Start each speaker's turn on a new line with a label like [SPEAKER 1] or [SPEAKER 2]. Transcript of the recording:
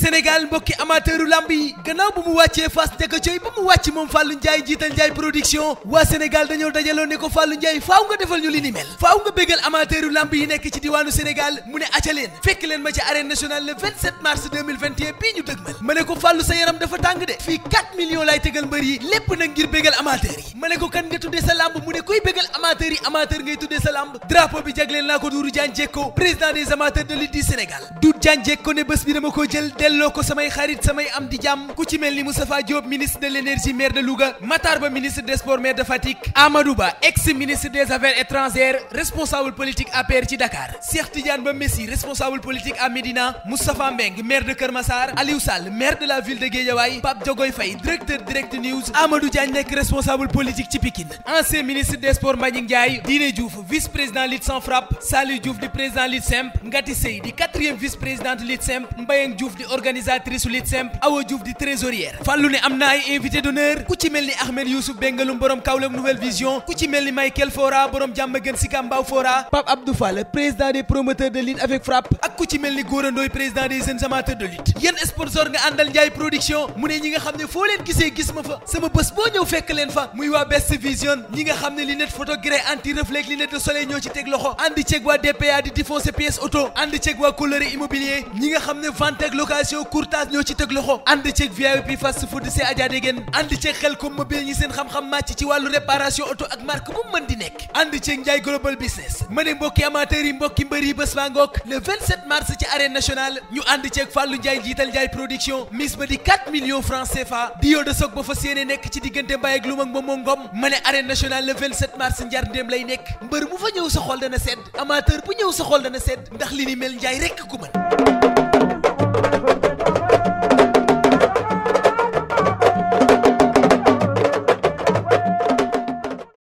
[SPEAKER 1] Sénégal mbokki amateuru lamb yi gannaaw bu mu wàccee fas njëkk coy ba mu wàcc moom Fallou Ndiaye jiital Ndiaye production waa Sénégal dañoo dajaloo ne ko Fallou Ndiaye faaw nga defal ñu li ni mel faaw nga bégal amateuru lamb yi nekk ci diwaanu Sénégal mu ne aca leen fekk leen ma ci arène nationale le 27 mars bii ñu dëgmal ma ne ko Fallou sa yaram dafa tàng de fii 4 millions laay tegal mbër yi lépp nag ngir bégal amateur yi ma ne ko kan nga tuddee sa lamb mu ne kuy bégal amateur amateur ngay tuddee sa lamb bi jagleel naa ko Doudou président des amateurs de Sénégal Doudou Diagne Diecko ne bi ko jël delloo ko samay xarit samay am di jàmm ku ci mel ni Moustapha Diop ministre de l'énergie maire de Louga Matar Ba ministre des maire de Fatick Amadou Ba ex ministre des affaires étrangères responsable politique APR ci Dakar Cheikh Tidiane Ba Messi responsable politique à Médina Moustapha Mbeng maire de Kër Massar Aliou maire de la ville de Guédiawaye Pape Diogoy Faye directeur Direct News Amadou Diagne nekk responsable politique ci Pikine ancien ministre des organisatrice su lit simple Awa Diouf di trésorière fàllu ne am na ay invité d'honneur ku ci mel ni Ahmed Youssouf Bengalum borom Kaolack Nouvelle Vision ku ci mel ni Michael Fora borom Jàmmagën Sicap Mbao Fora Pape Abdou Fall président des promoteurs de lutte avec frappe ak ku ci mel ni Gora président des jeunes amateurs de lutte yéen sponsor nga àndal Ndiaye production mu ne ñi nga xam ne foo leen gisee gis ma fa sama bés boo ñëw fekk leen fa muy waa Best communication courtage ñoo ci teg loxo ànd ceeg VIP fast food see ci wàllu réparation auto ak marque bu mën di ma ne mbokki amateur yi mbokki mbër yi bés baa ngoog le 27 mars ci arène nationale ñu ànd ceeg Fallou Ndiaye jiital Ndiaye production mise ba di 4 millions francs CFA dio soog ba fas yéene nekk ci diggante Mbaye ak Loum ak Momo Ngom ma ne arène nationale le 27 mars njar ndéem lay nekk mbër bu fa ñëw sa xol dana sedd amateur bu ñëw sa xol dana sedd ndax li ni mel Ndiaye rekk ku mën